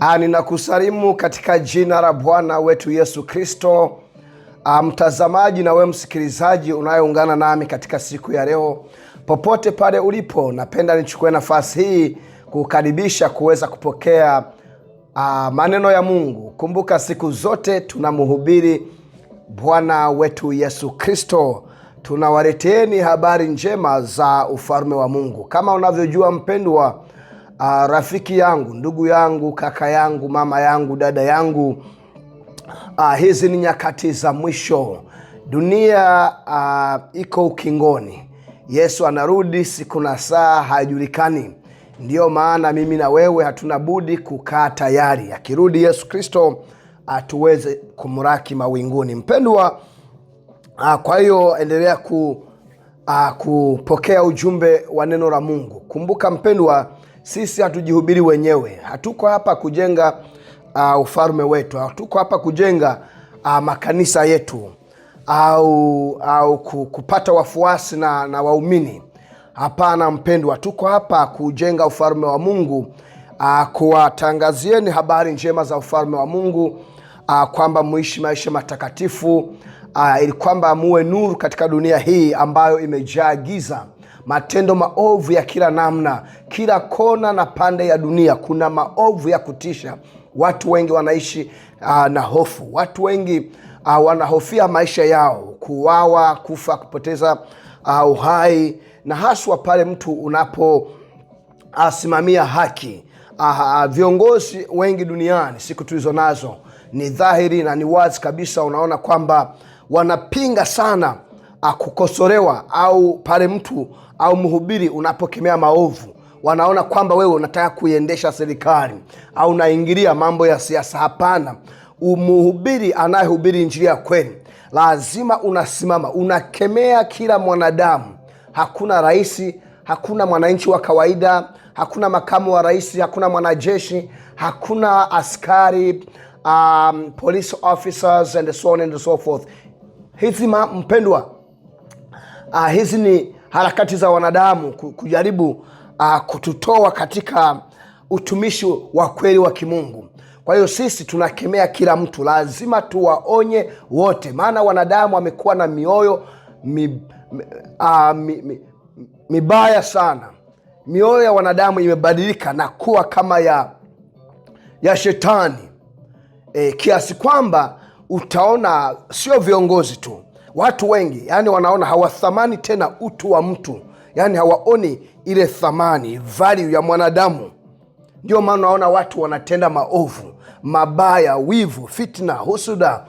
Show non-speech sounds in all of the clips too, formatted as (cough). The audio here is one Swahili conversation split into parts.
Ah, ninakusalimu katika jina la Bwana wetu Yesu Kristo. Ah, mtazamaji na we msikilizaji unayeungana nami katika siku ya leo, popote pale ulipo, napenda nichukue nafasi hii kukaribisha kuweza kupokea ah, maneno ya Mungu. Kumbuka siku zote tunamhubiri Bwana wetu Yesu Kristo, tunawaleteeni habari njema za ufalme wa Mungu. Kama unavyojua mpendwa uh, rafiki yangu, ndugu yangu, kaka yangu, mama yangu, dada yangu, uh, hizi ni nyakati za mwisho. Dunia uh, iko ukingoni. Yesu anarudi siku na saa hajulikani. Ndiyo maana mimi na wewe hatuna budi kukaa tayari, akirudi Yesu Kristo atuweze kumraki mawinguni. Mpendwa, kwa hiyo endelea ku, a, kupokea ujumbe wa neno la Mungu. Kumbuka mpendwa, sisi hatujihubiri wenyewe, hatuko hapa kujenga uh, ah, ufalme wetu, hatuko hapa kujenga uh, makanisa yetu au au kupata wafuasi na, na waumini. Hapana mpendwa, tuko hapa kujenga ufalme wa Mungu, uh, kuwatangazieni habari njema za ufalme wa Mungu, uh, kwamba muishi maisha matakatifu, uh, ili kwamba muwe nuru katika dunia hii ambayo imejaa giza matendo maovu ya kila namna, kila kona na pande ya dunia kuna maovu ya kutisha. Watu wengi wanaishi uh, na hofu. Watu wengi uh, wanahofia maisha yao, kuwawa, kufa, kupoteza uh, uhai, na haswa pale mtu unaposimamia uh, haki uh, viongozi wengi duniani siku tulizo nazo ni dhahiri na ni wazi kabisa, unaona kwamba wanapinga sana kukosolewa au pale mtu au mhubiri unapokemea maovu wanaona kwamba wewe unataka kuiendesha serikali au unaingilia mambo ya siasa. Hapana, umhubiri anayehubiri injili ya kweli lazima unasimama, unakemea kila mwanadamu. Hakuna rais, hakuna mwananchi wa kawaida, hakuna makamu wa rais, hakuna mwanajeshi, hakuna askari, um, police officers and so on and so forth. Hizi mpendwa uh, hizi ni harakati za wanadamu kujaribu uh, kututoa katika utumishi wa kweli wa kimungu. Kwa hiyo sisi tunakemea kila mtu, lazima tuwaonye wote, maana wanadamu wamekuwa na mioyo mi, uh, mi, mi, mibaya sana. Mioyo ya wanadamu imebadilika na kuwa kama ya, ya shetani e, kiasi kwamba utaona sio viongozi tu Watu wengi yani wanaona hawathamani tena utu wa mtu, yani hawaoni ile thamani value ya mwanadamu. Ndio maana unaona watu wanatenda maovu, mabaya, wivu, fitna, husuda.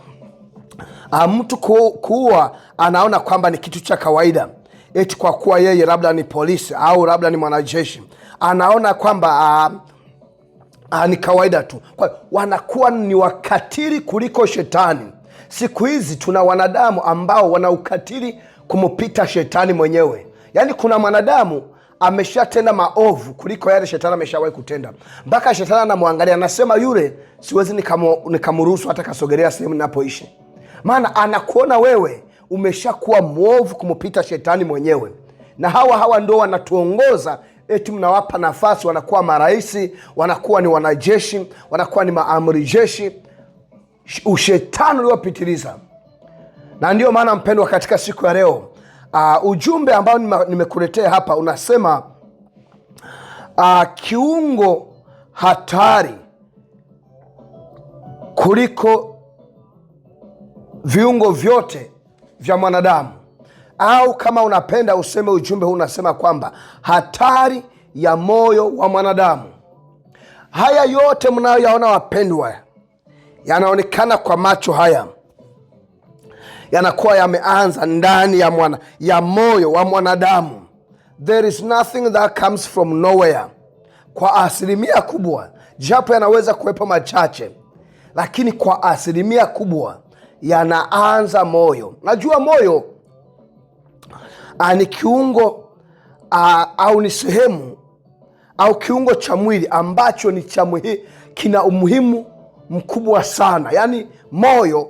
Ah, mtu kuwa anaona kwamba ni kitu cha kawaida, eti kwa kuwa yeye labda ni polisi au labda ni mwanajeshi, anaona kwamba ah, ah, ni kawaida tu. Kwa wanakuwa ni wakatili kuliko shetani Siku hizi tuna wanadamu ambao wana ukatili kumpita shetani mwenyewe, yaani kuna mwanadamu ameshatenda maovu kuliko yale shetani ameshawahi kutenda, mpaka shetani anamwangalia anasema, yule siwezi nikamruhusu hata kasogelea sehemu ninapoishi, maana anakuona wewe umeshakuwa mwovu kumpita shetani mwenyewe. Na hawa hawa ndo wanatuongoza eti mnawapa nafasi, wanakuwa marais, wanakuwa ni wanajeshi, wanakuwa ni maamri jeshi ushetani uliopitiliza. Na ndiyo maana mpendwa, katika siku ya leo uh, ujumbe ambao nimekuletea hapa unasema uh, kiungo hatari kuliko viungo vyote vya mwanadamu, au kama unapenda useme ujumbe huu unasema kwamba hatari ya moyo wa mwanadamu. Haya yote mnayoyaona wapendwa yanaonekana kwa macho haya yanakuwa yameanza ndani ya mwana ya moyo wa mwanadamu. There is nothing that comes from nowhere. Kwa asilimia kubwa, japo yanaweza kuwepo machache, lakini kwa asilimia kubwa yanaanza moyo. Najua moyo ah, ni kiungo a, ah, au ni sehemu au kiungo cha mwili ambacho ni cha kina umuhimu mkubwa sana, yaani moyo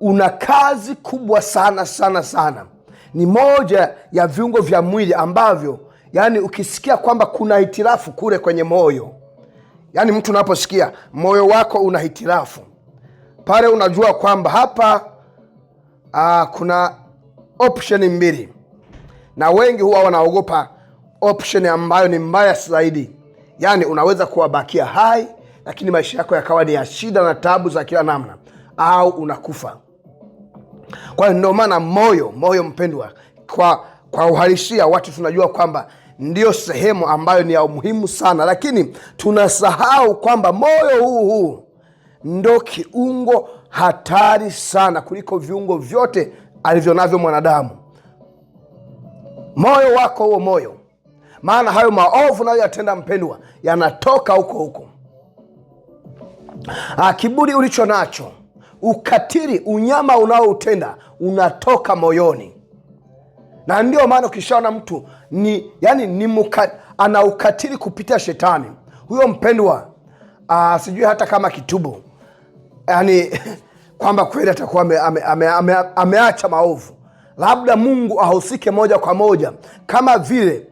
una kazi kubwa sana sana sana. Ni moja ya viungo vya mwili ambavyo, yaani ukisikia kwamba kuna hitirafu kule kwenye moyo, yaani mtu unaposikia moyo wako una hitirafu pale, unajua kwamba hapa aa, ah, kuna option mbili, na wengi huwa wanaogopa option ambayo ni mbaya zaidi, yaani unaweza kuwabakia hai lakini maisha yako yakawa ni ya shida na tabu za kila namna au unakufa kwa hiyo ndio maana moyo moyo mpendwa kwa kwa uhalisia watu tunajua kwamba ndiyo sehemu ambayo ni ya umuhimu sana lakini tunasahau kwamba moyo huu huu ndo kiungo hatari sana kuliko viungo vyote alivyo navyo mwanadamu moyo wako huo moyo maana hayo maovu nayo yatenda mpendwa yanatoka huko huko Ah, kiburi ulicho nacho, ukatili, unyama unaoutenda unatoka moyoni, na ndio maana ukishaona mtu ni yani ni muka, ana ukatili kupitia shetani huyo mpendwa, ah, sijui hata kama kitubu yani (laughs) kwamba kweli atakuwa ameacha ame, ame, ame, ame maovu, labda Mungu ahusike moja kwa moja kama vile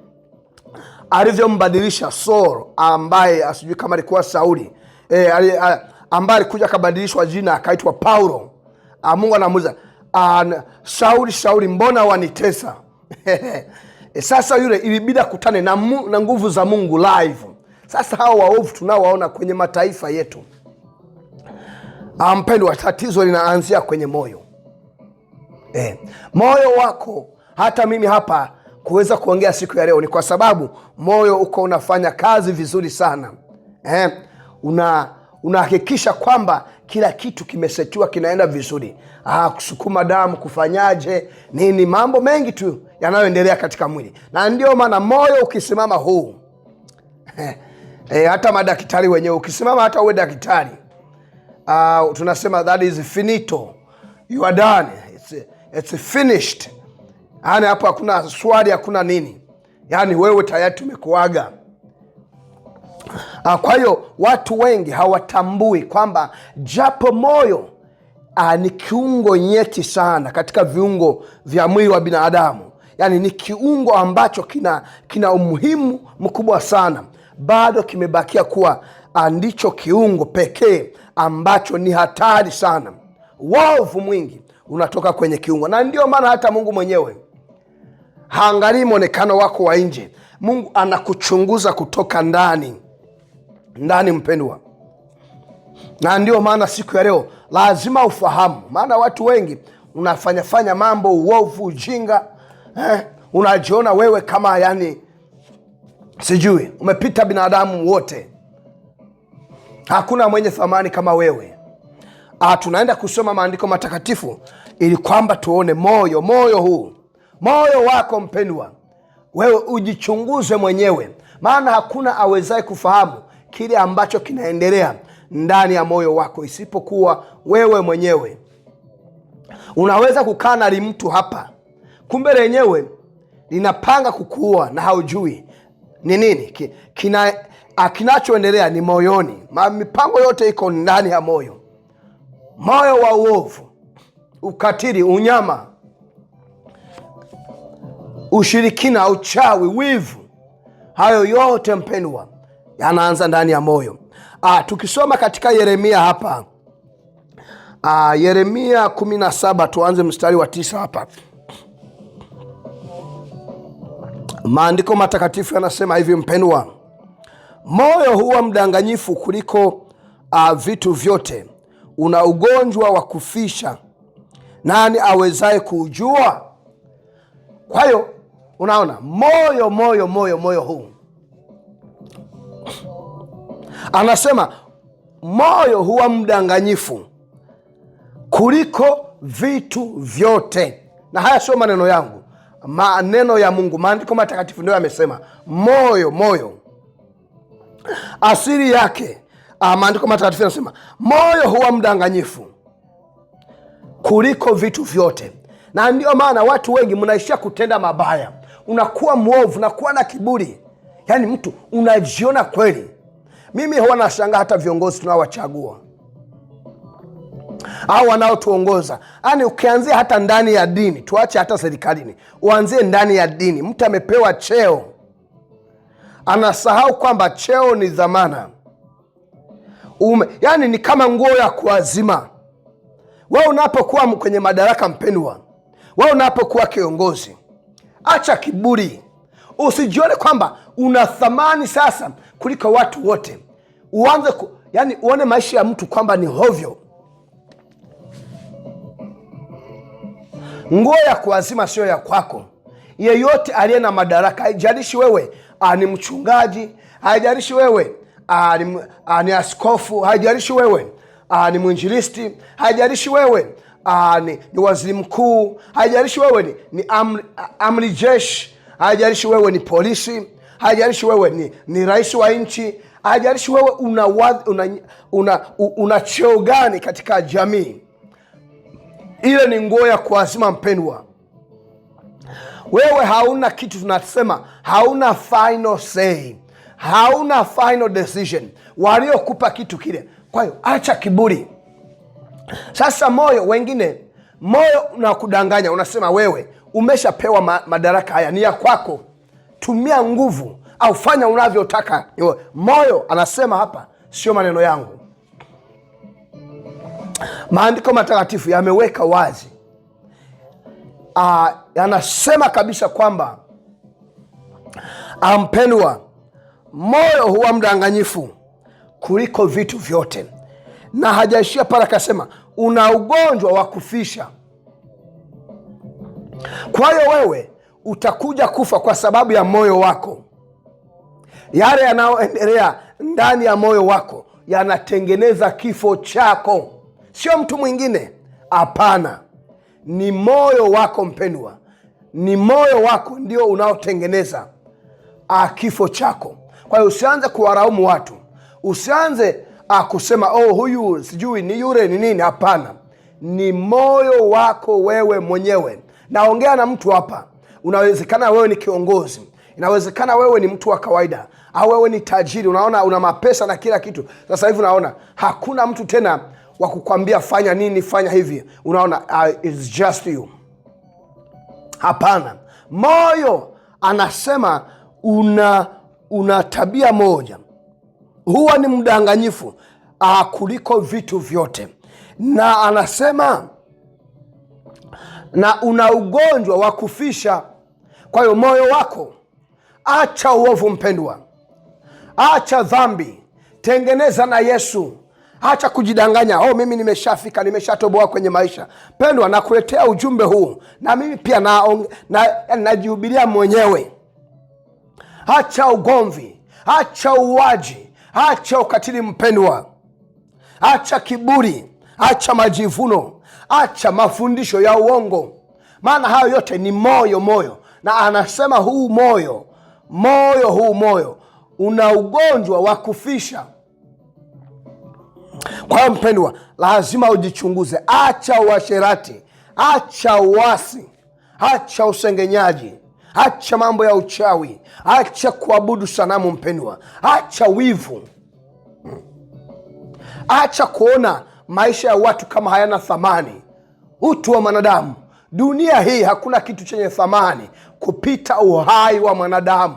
alivyombadilisha Saul ambaye asijui ah, kama alikuwa Sauli e, ambaye alikuja akabadilishwa jina akaitwa Paulo. Ah, Mungu anamuuliza ah, Sauli, Sauli, mbona wanitesa? (laughs) E, sasa yule ilibidi akutane na, na nguvu za Mungu live. Sasa hawa waovu tunaowaona kwenye mataifa yetu, ah, mpendwa, tatizo linaanzia kwenye moyo e, moyo wako. Hata mimi hapa kuweza kuongea siku ya leo ni kwa sababu moyo uko unafanya kazi vizuri sana e, una unahakikisha kwamba kila kitu kimesetiwa kinaenda vizuri. ah, kusukuma damu kufanyaje nini, mambo mengi tu yanayoendelea katika mwili, na ndio maana moyo ukisimama huu eh, (laughs) eh, hata madaktari wenyewe ukisimama, hata uwe daktari ah, tunasema that is finito, you are done, it's, it's finished. Yani hapo hakuna swali, hakuna nini, yani wewe tayari tumekuaga Ah, kwa hiyo watu wengi hawatambui kwamba japo moyo a, ah, ni kiungo nyeti sana katika viungo vya mwili wa binadamu, yaani ni kiungo ambacho kina, kina umuhimu mkubwa sana, bado kimebakia kuwa ah, ndicho kiungo pekee ambacho ni hatari sana. Wovu mwingi unatoka kwenye kiungo, na ndio maana hata Mungu mwenyewe haangalii mwonekano wako wa nje. Mungu anakuchunguza kutoka ndani ndani, mpendwa, na ndio maana siku ya leo lazima ufahamu, maana watu wengi unafanyafanya mambo uovu, ujinga eh, unajiona wewe kama yani sijui umepita binadamu wote, hakuna mwenye thamani kama wewe. Ah, tunaenda kusoma maandiko matakatifu ili kwamba tuone moyo moyo huu moyo wako mpendwa, wewe ujichunguze mwenyewe, maana hakuna awezaye kufahamu kile ambacho kinaendelea ndani ya moyo wako, isipokuwa wewe mwenyewe. Unaweza kukaa na limtu hapa, kumbe lenyewe linapanga kukuua na haujui ni nini kina ah, kinachoendelea ni moyoni. Mipango yote iko ndani ya moyo, moyo wa uovu, ukatili, unyama, ushirikina, uchawi, wivu, hayo yote mpendwa yanaanza ndani ya moyo. Ah, tukisoma katika Yeremia hapa ah, Yeremia 17 tuanze mstari wa tisa hapa. Maandiko matakatifu yanasema hivi, mpendwa, moyo huwa mdanganyifu kuliko ah, vitu vyote, una ugonjwa wa kufisha, nani awezaye kuujua? Kwa hiyo unaona, moyo moyo moyo moyo huu Anasema moyo huwa mdanganyifu kuliko vitu vyote, na haya sio maneno yangu, maneno ya Mungu. Maandiko matakatifu ndio yamesema moyo, moyo asili yake. Ah, maandiko matakatifu yanasema moyo huwa mdanganyifu kuliko vitu vyote, na ndiyo maana watu wengi mnaishia kutenda mabaya, unakuwa mwovu, unakuwa na kiburi, yaani mtu unajiona kweli mimi huwa nashangaa hata viongozi tunaowachagua au wanaotuongoza, yaani ukianzia hata ndani ya dini, tuache hata serikalini, uanzie ndani ya dini. Mtu amepewa cheo, anasahau kwamba cheo ni dhamana ume, yaani ni kama nguo ya kuazima. We unapokuwa kwenye madaraka, mpendwa, we unapokuwa kiongozi, acha kiburi, usijione kwamba una thamani sasa kuliko watu wote uanze ku, yani uone maisha ya mtu kwamba ni hovyo. Nguo ya kuazima sio ya kwako. Yeyote aliye na madaraka, haijalishi wewe ah, ni mchungaji, haijalishi wewe ah, ah, ni askofu, haijalishi wewe ni mwinjilisti, haijalishi wewe ni waziri mkuu, haijalishi wewe ni, ni amri, jeshi, haijalishi wewe ni polisi, haijalishi wewe ni, ni rais wa nchi haijalishi wewe una, una, una, una cheo gani katika jamii. Ile ni nguo ya kuazima, mpendwa. Wewe hauna kitu, tunasema hauna final say, hauna final decision. Waliokupa kitu kile, kwa hiyo acha kiburi. Sasa moyo, wengine moyo unakudanganya, unasema wewe umeshapewa madaraka haya ni ya kwako, tumia nguvu au fanya unavyotaka moyo. Anasema hapa, sio maneno yangu. Maandiko matakatifu yameweka wazi ah, yanasema kabisa kwamba ampendwa, ah, moyo huwa mdanganyifu kuliko vitu vyote, na hajaishia pale, akasema una ugonjwa wa kufisha. Kwa hiyo wewe utakuja kufa kwa sababu ya moyo wako yale yanayoendelea ndani ya moyo wako yanatengeneza kifo chako, sio mtu mwingine. Hapana, ni moyo wako mpendwa, ni moyo wako ndio unaotengeneza ah, kifo chako. Kwa hiyo usianze kuwaraumu watu, usianze ah, kusema oh, huyu sijui ni yule ni nini. Hapana, ni moyo wako wewe mwenyewe. Naongea na mtu hapa, unawezekana wewe ni kiongozi Inawezekana wewe ni mtu wa kawaida au wewe ni tajiri, unaona una mapesa na kila kitu. Sasa hivi unaona hakuna mtu tena wa kukwambia fanya nini, fanya hivi. Unaona uh, it's just you. Hapana, moyo anasema una una tabia moja, huwa ni mdanganyifu uh, kuliko vitu vyote, na anasema na una ugonjwa wa kufisha. Kwa hiyo moyo wako Acha uovu mpendwa, acha dhambi, tengeneza na Yesu. Acha kujidanganya, oh, mimi nimeshafika, nimeshatoboa kwenye maisha. Pendwa, nakuletea ujumbe huu na mimi pia najihubiria na, na mwenyewe. Acha ugomvi, acha uwaji, acha ukatili mpendwa, acha kiburi, acha majivuno, acha mafundisho ya uongo, maana hayo yote ni moyo moyo, na anasema huu moyo moyo huu moyo una ugonjwa wa kufisha. Kwa hiyo mpendwa, lazima ujichunguze. Acha uasherati, acha uasi, acha usengenyaji, acha mambo ya uchawi, acha kuabudu sanamu. Mpendwa, acha wivu, acha kuona maisha ya watu kama hayana thamani. Utu wa mwanadamu, dunia hii hakuna kitu chenye thamani kupita uhai wa mwanadamu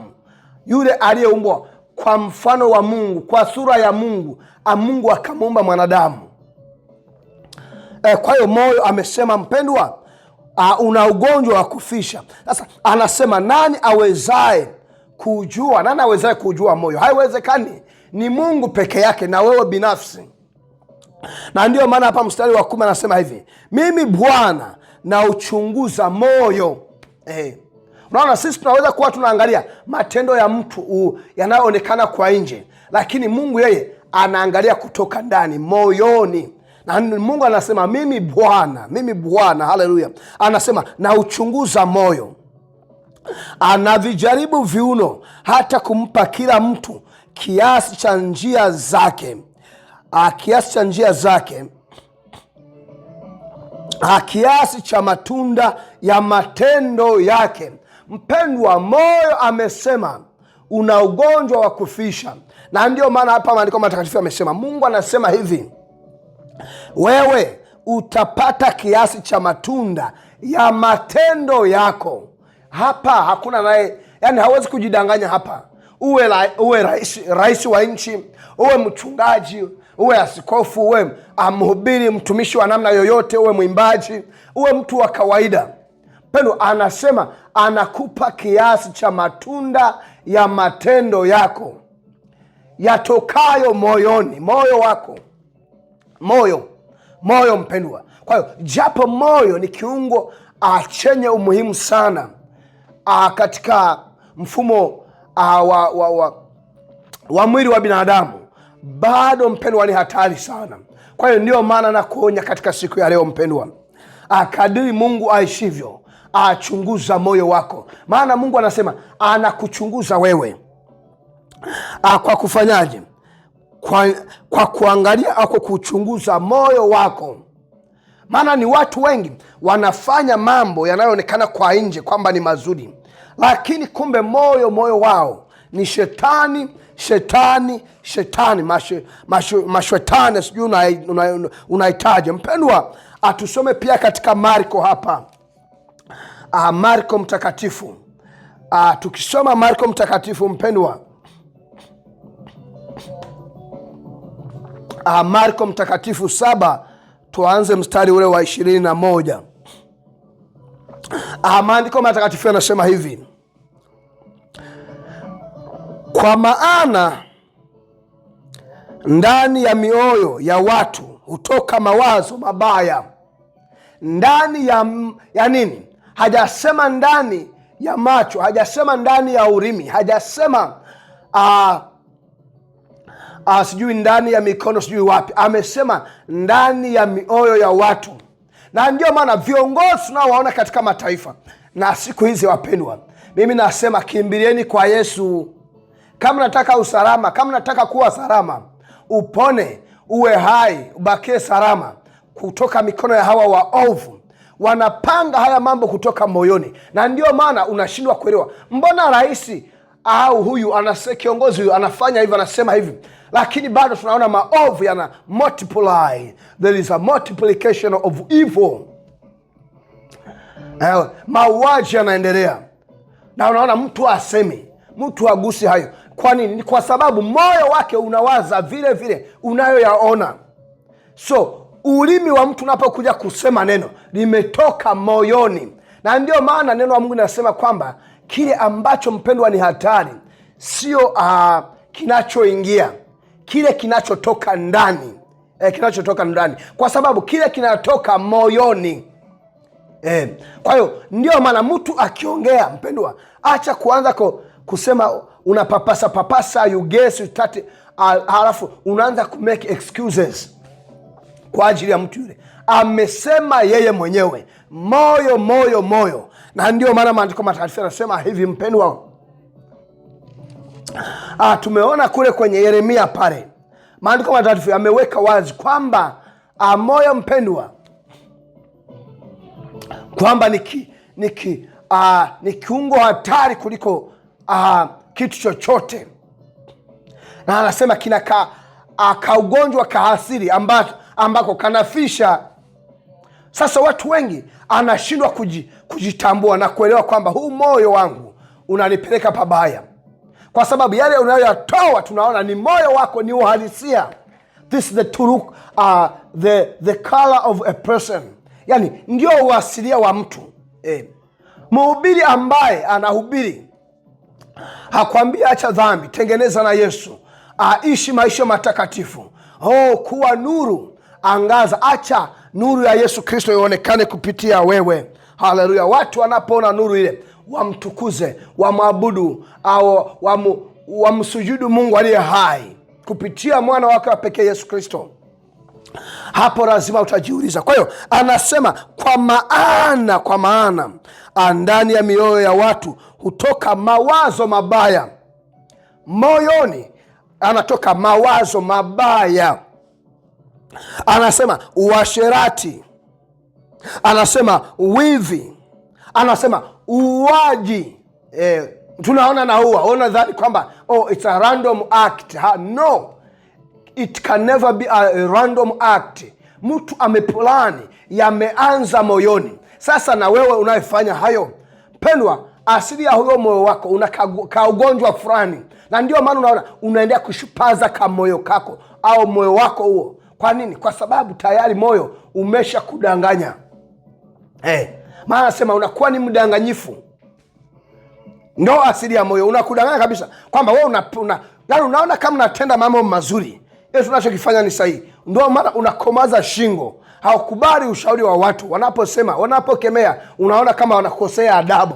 yule aliyeumbwa kwa mfano wa Mungu, kwa sura ya Mungu, Mungu akamuumba mwanadamu. E, kwa hiyo moyo amesema mpendwa, una ugonjwa wa kufisha. Sasa anasema nani awezaye kujua? Nani awezaye kujua moyo? Haiwezekani, ni Mungu peke yake na wewe binafsi. Na ndiyo maana hapa mstari wa kumi anasema hivi, mimi Bwana nauchunguza moyo e. Unaona, sisi tunaweza kuwa tunaangalia matendo ya mtu yanayoonekana kwa nje, lakini Mungu yeye anaangalia kutoka ndani, moyoni. Na Mungu anasema mimi Bwana, mimi Bwana, haleluya, anasema nauchunguza moyo, anavijaribu viuno, hata kumpa kila mtu kiasi cha njia zake, kiasi cha njia zake kiasi cha matunda ya matendo yake. Mpendwa, moyo amesema una ugonjwa wa kufisha, na ndiyo maana hapa maandiko matakatifu amesema, Mungu anasema hivi, wewe utapata kiasi cha matunda ya matendo yako. Hapa hakuna naye, yani hawezi kujidanganya hapa. Uwe, la, uwe rais, rais wa nchi, uwe mchungaji, uwe askofu, uwe mhubiri, mtumishi wa namna yoyote, uwe mwimbaji, uwe mtu wa kawaida Pendo anasema anakupa kiasi cha matunda ya matendo yako yatokayo moyoni, moyo wako, moyo moyo, mpendwa. Kwa hiyo japo moyo ni kiungo ah, chenye umuhimu sana a, ah, katika mfumo a, ah, wa, wa, wa, wa mwili wa binadamu, bado mpendwa, ni hatari sana. Kwa hiyo ndiyo maana nakuonya katika siku ya leo mpendwa, kadiri Mungu aishivyo achunguza moyo wako, maana Mungu anasema anakuchunguza wewe a, ah, kwa kufanyaje? Kwa, kwa kuangalia ako kuchunguza moyo wako. Maana ni watu wengi wanafanya mambo yanayoonekana kwa nje kwamba ni mazuri, lakini kumbe moyo moyo wao ni shetani shetani shetani mashwetani, mashetani sijui unahitaji una, una, una mpendwa, atusome pia katika Marko hapa uh, Marko mtakatifu uh, tukisoma Marko mtakatifu mpendwa uh, Marko mtakatifu saba tuanze mstari ule wa ishirini na moja. Uh, maandiko matakatifu yanasema hivi kwa maana ndani ya mioyo ya watu hutoka mawazo mabaya ndani ya, ya nini? hajasema ndani ya macho, hajasema ndani ya urimi, hajasema uh, uh, sijui ndani ya mikono, sijui wapi, amesema ndani ya mioyo ya watu. Na ndio maana viongozi tunaowaona katika mataifa na siku hizi, wapendwa, mimi nasema kimbilieni kwa Yesu kama nataka usalama, kama nataka kuwa salama, upone, uwe hai, ubakie salama kutoka mikono ya hawa waovu wanapanga haya mambo kutoka moyoni, na ndio maana unashindwa kuelewa mbona rahisi au ah, huyu anase, kiongozi huyu anafanya hivi, anasema hivi, lakini bado tunaona maovu yana multiply. There is a multiplication of evil. Eh, mauaji yanaendelea na unaona mtu asemi mtu agusi hayo. Kwa nini? Kwa sababu moyo wake unawaza vile vile unayoyaona so ulimi wa mtu unapokuja kusema neno limetoka moyoni, na ndio maana neno wa Mungu linasema kwamba kile ambacho mpendwa, ni hatari sio uh, kinachoingia, kile kinachotoka ndani eh, kinachotoka ndani, kwa sababu kile kinatoka moyoni eh. Kwa hiyo ndiyo maana mtu akiongea, mpendwa, acha kuanza ko, kusema unapapasa papasa yugesi tati ah, halafu unaanza kumake excuses kwa ajili ya mtu yule, amesema yeye mwenyewe, moyo moyo moyo. Na ndio maana maandiko matakatifu yanasema hivi, mpendwa, ah, tumeona kule kwenye Yeremia pale, maandiko matakatifu yameweka wazi kwamba ah, moyo mpendwa, kwamba niki niki ah, ni kiungo hatari kuliko ah, kitu chochote, na anasema kina ka, ah, ka kaasiri ambacho ambako kanafisha. Sasa watu wengi anashindwa kujitambua na kuelewa kwamba huu moyo wangu unanipeleka pabaya, kwa sababu yale unayoyatoa tunaona ni moyo wako, ni uhalisia. This is the true, uh, the, the color of a person, yani ndio uasilia wa mtu eh. Mhubiri ambaye anahubiri hakwambia acha dhambi, tengeneza na Yesu, aishi maisha matakatifu, oh, kuwa nuru Angaza, acha nuru ya Yesu Kristo ionekane kupitia wewe. Haleluya! Watu wanapoona nuru ile wamtukuze, wamwabudu au wamu, wamsujudu Mungu aliye hai kupitia mwana wake wa pekee Yesu Kristo. Hapo lazima utajiuliza. Kwa hiyo anasema kwa maana, kwa maana ndani ya mioyo ya watu hutoka mawazo mabaya moyoni, anatoka mawazo mabaya anasema uasherati, anasema wivi, anasema uwaji. Eh, tunaona na ua una kwamba oh, it's a random act ha, no it can never be a random act. Mtu ameplani, yameanza moyoni. Sasa na wewe unayefanya hayo, mpendwa, asili ya huyo moyo wako una ugonjwa fulani, na ndio maana unaona unaendelea kushupaza ka moyo kako au moyo wako huo kwa nini? Kwa sababu tayari moyo umesha kudanganya eh. Maana nasema unakuwa ni mdanganyifu, ndo asili ya moyo, unakudanganya kabisa kwamba we una, una, yani unaona kama unatenda mambo mazuri, ile tunachokifanya ni sahihi. Ndo maana unakomaza shingo, haukubali ushauri wa watu wanaposema, wanapokemea, unaona kama wanakosea adabu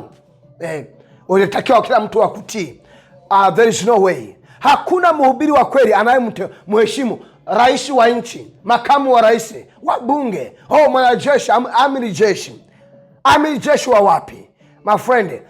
eh. Unatakiwa kila mtu akutii. Uh, there is no way, hakuna mhubiri wa kweli anayemheshimu rais wa nchi, makamu wa rais, wabunge, oh, mwanajeshi, am, amiri jeshi, amiri jeshi wa wapi? My friend,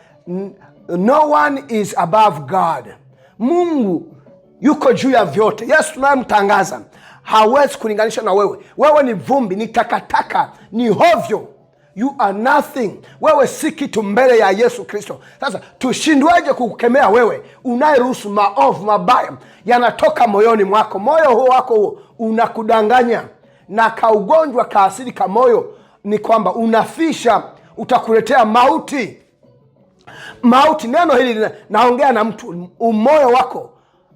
no one is above God. Mungu yuko juu ya vyote. Yesu tunayemtangaza hawezi kulinganisha na wewe. Wewe ni vumbi, ni takataka, ni hovyo. You are nothing. Wewe si kitu mbele ya Yesu Kristo. Sasa tushindweje kukemea wewe unayeruhusu maovu mabaya yanatoka moyoni mwako? Moyo huo wako huo unakudanganya, na kaugonjwa kaasili ka moyo ni kwamba unafisha, utakuletea mauti. Mauti, neno hili naongea na mtu, umoyo wako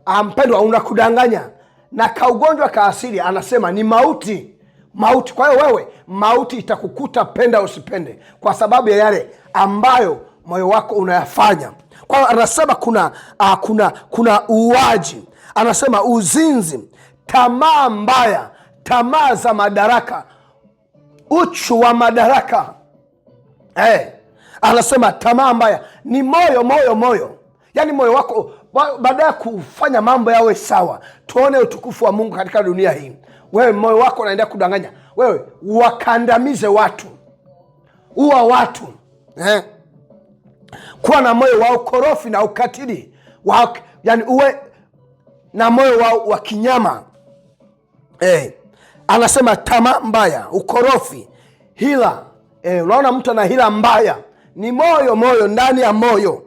ampendwa ah, unakudanganya, na kaugonjwa kaasili anasema ni mauti, mauti. Kwa hiyo wewe mauti itakukuta penda usipende, kwa sababu ya yale ambayo moyo wako unayafanya. Kwa anasema kuna uh, kuna kuna uwaji, anasema uzinzi, tamaa mbaya, tamaa za madaraka, uchu wa madaraka hey. Eh, anasema tamaa mbaya ni moyo moyo moyo, yaani moyo wako baada ya kufanya mambo yawe sawa, tuone utukufu wa Mungu katika dunia hii wewe moyo wako unaendelea kudanganya wewe, wakandamize watu, uwa watu eh? Kuwa na moyo wa ukorofi na ukatili wa, yani uwe na moyo wa, wa kinyama eh. Anasema tamaa mbaya, ukorofi, hila eh. Unaona mtu ana hila mbaya, ni moyo moyo ndani ya moyo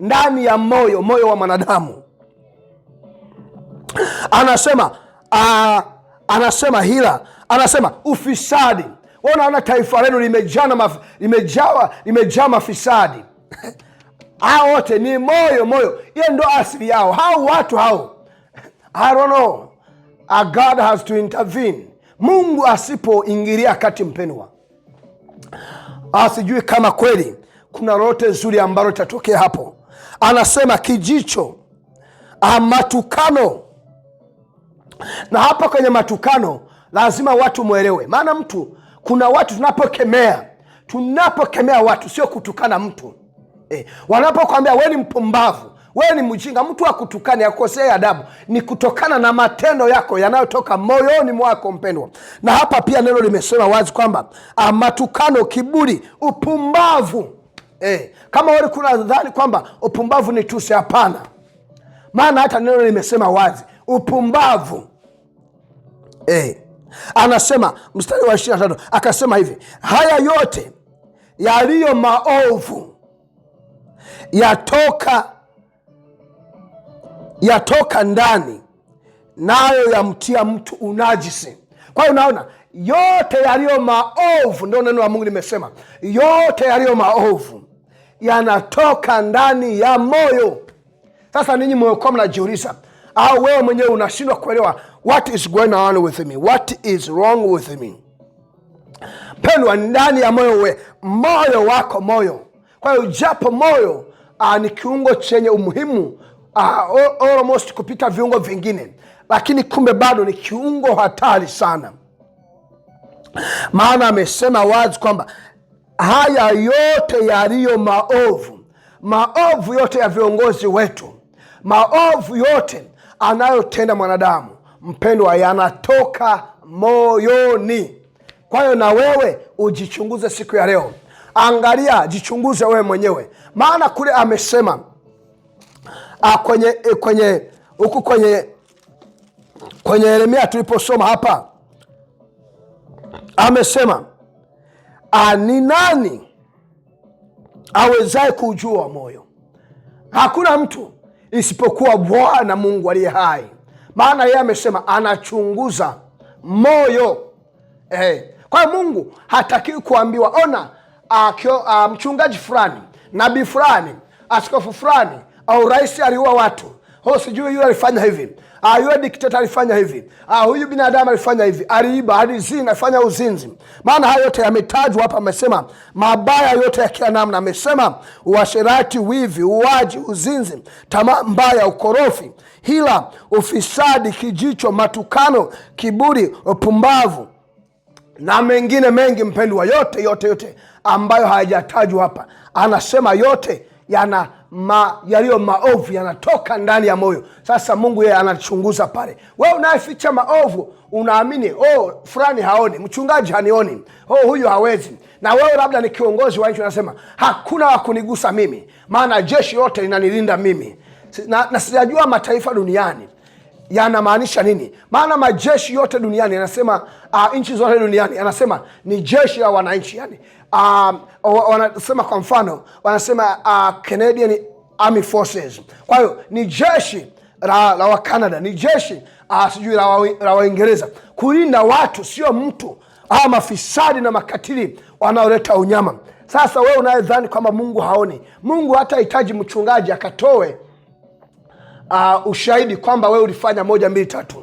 ndani ya moyo moyo wa mwanadamu. Anasema ah, anasema hila, anasema ufisadi. We unaona taifa lenu limejaa maf, limejawa limejaa mafisadi (laughs) hao wote ni moyo moyo, hiyo ndo asili yao hao watu hao. (laughs) I don't know. A God has to intervene. Mungu asipoingilia kati, mpendwa, asijui ah, kama kweli kuna lolote zuri ambalo litatokea hapo. Anasema kijicho, ah, matukano na hapa kwenye matukano lazima watu mwelewe, maana mtu, kuna watu tunapokemea, tunapokemea watu sio kutukana mtu e, eh, Wanapokwambia we ni mpumbavu, we ni mjinga, mtu akutukani akukosea adabu, ni kutokana na matendo yako yanayotoka moyoni mwako, mpendwa. Na hapa pia neno limesema wazi kwamba ah, matukano, kiburi, upumbavu e, Kama weli kuna dhani kwamba upumbavu ni tusi, hapana, maana hata neno limesema wazi upumbavu e. Anasema mstari wa ishirini na tatu akasema hivi, haya yote yaliyo maovu yatoka yatoka ndani, nayo yamtia mtu unajisi. Kwa hiyo unaona yote yaliyo maovu, ndio neno la Mungu limesema, yote yaliyo maovu yanatoka ndani ya moyo. Sasa ninyi mweokoa mnajiuliza au wewe mwenyewe unashindwa kuelewa what is going on with me, what is wrong with me. Pendwa, ndani ya moyo we moyo wako moyo. Kwa hiyo japo moyo uh, ni kiungo chenye umuhimu uh, almost kupita viungo vingine, lakini kumbe bado ni kiungo hatari sana, maana amesema wazi kwamba haya yote yaliyo maovu, maovu yote ya viongozi wetu, maovu yote anayotenda mwanadamu mpendwa, yanatoka moyoni. Kwa hiyo na wewe ujichunguze siku ya leo, angalia, jichunguze wewe mwenyewe, maana kule amesema a, ah, kwenye eh, kwenye huku kwenye kwenye Yeremia tuliposoma hapa, amesema ah, ni nani awezaye kujua moyo? Hakuna mtu isipokuwa Bwana Mungu aliye hai, maana yeye amesema anachunguza moyo eh. Kwa hiyo Mungu hatakiwi kuambiwa ona, ah, mchungaji fulani, nabii fulani, askofu fulani au rais aliua watu ho oh, sijui yule alifanya hivi, ah, yule dikteta alifanya hivi, ah, huyu binadamu alifanya hivi, aliiba, alizini, alifanya uzinzi. Maana hayo yote yametajwa hapa, amesema mabaya yote ya kila namna. Amesema uasherati, wivi, uwaji, uzinzi, tamaa mbaya, ukorofi, hila, ufisadi, kijicho, matukano, kiburi, upumbavu na mengine mengi. Mpendwa, yote yote yote ambayo hayajatajwa hapa, anasema yote yana ma, yaliyo maovu yanatoka ndani ya moyo. Sasa Mungu yeye anachunguza pale. Wewe unayeficha maovu unaamini oh, fulani haoni, mchungaji hanioni, oh, huyu hawezi. Na wewe labda ni kiongozi wa nchi, unasema hakuna wakunigusa mimi, maana jeshi yote linanilinda mimi na, na sijajua mataifa duniani yanamaanisha nini? Maana majeshi yote duniani yanasema, uh, nchi zote duniani anasema ni jeshi la wananchi yani, uh, wanasema kwa mfano wanasema uh, Canadian Army Forces. Kwa hiyo ni jeshi la, la wacanada ni jeshi uh, sijui la Waingereza wa kulinda watu, sio mtu au uh, mafisadi na makatili wanaoleta unyama. Sasa wee unayedhani kwamba Mungu haoni, Mungu hata hitaji mchungaji akatoe uh, ushahidi kwamba wewe ulifanya moja mbili tatu,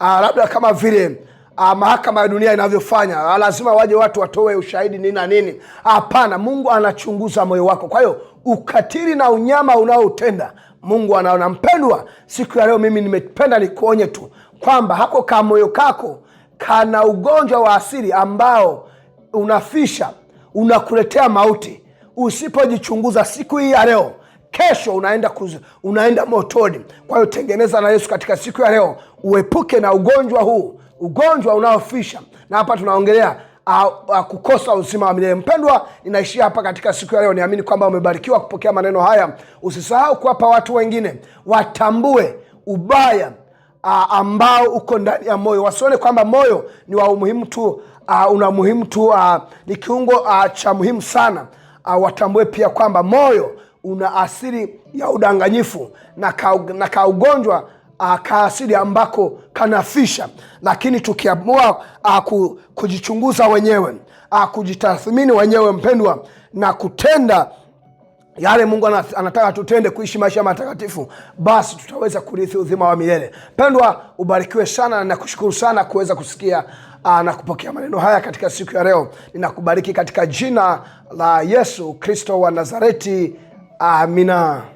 uh, labda kama vile uh, mahakama ya dunia inavyofanya, uh, lazima waje watu watoe ushahidi nini na nini. Hapana, Mungu anachunguza moyo wako. Kwa hiyo ukatili na unyama unaotenda Mungu anaona. Mpendwa, siku ya leo mimi nimependa nikuonye tu kwamba hako kamoyo kako kana ugonjwa wa asili ambao unafisha unakuletea mauti usipojichunguza siku hii ya leo kesho unaenda kuzo, unaenda motoni. Kwa hiyo tengeneza na Yesu katika siku ya leo, uepuke na ugonjwa huu, ugonjwa unaofisha, na hapa tunaongelea A, a, kukosa uzima wa milele. Mpendwa, ninaishia hapa katika siku ya leo. Niamini kwamba umebarikiwa kupokea maneno haya. Usisahau kuwapa watu wengine, watambue ubaya a, ambao uko ndani ya moyo. Wasione kwamba moyo ni wa umuhimu tu, una muhimu tu, ni kiungo cha muhimu sana a, watambue pia kwamba moyo una asili ya udanganyifu na ka, na ka ugonjwa ah, kaasili ambako kanafisha, lakini tukiamua ah, kujichunguza wenyewe ah, kujitathmini wenyewe, mpendwa, na kutenda yale Mungu anataka tutende, kuishi maisha matakatifu, basi tutaweza kurithi uzima wa milele. Mpendwa, ubarikiwe sana, nakushukuru sana kuweza kusikia na kupokea maneno haya katika siku ya leo. Ninakubariki katika jina la Yesu Kristo wa Nazareti. آمنا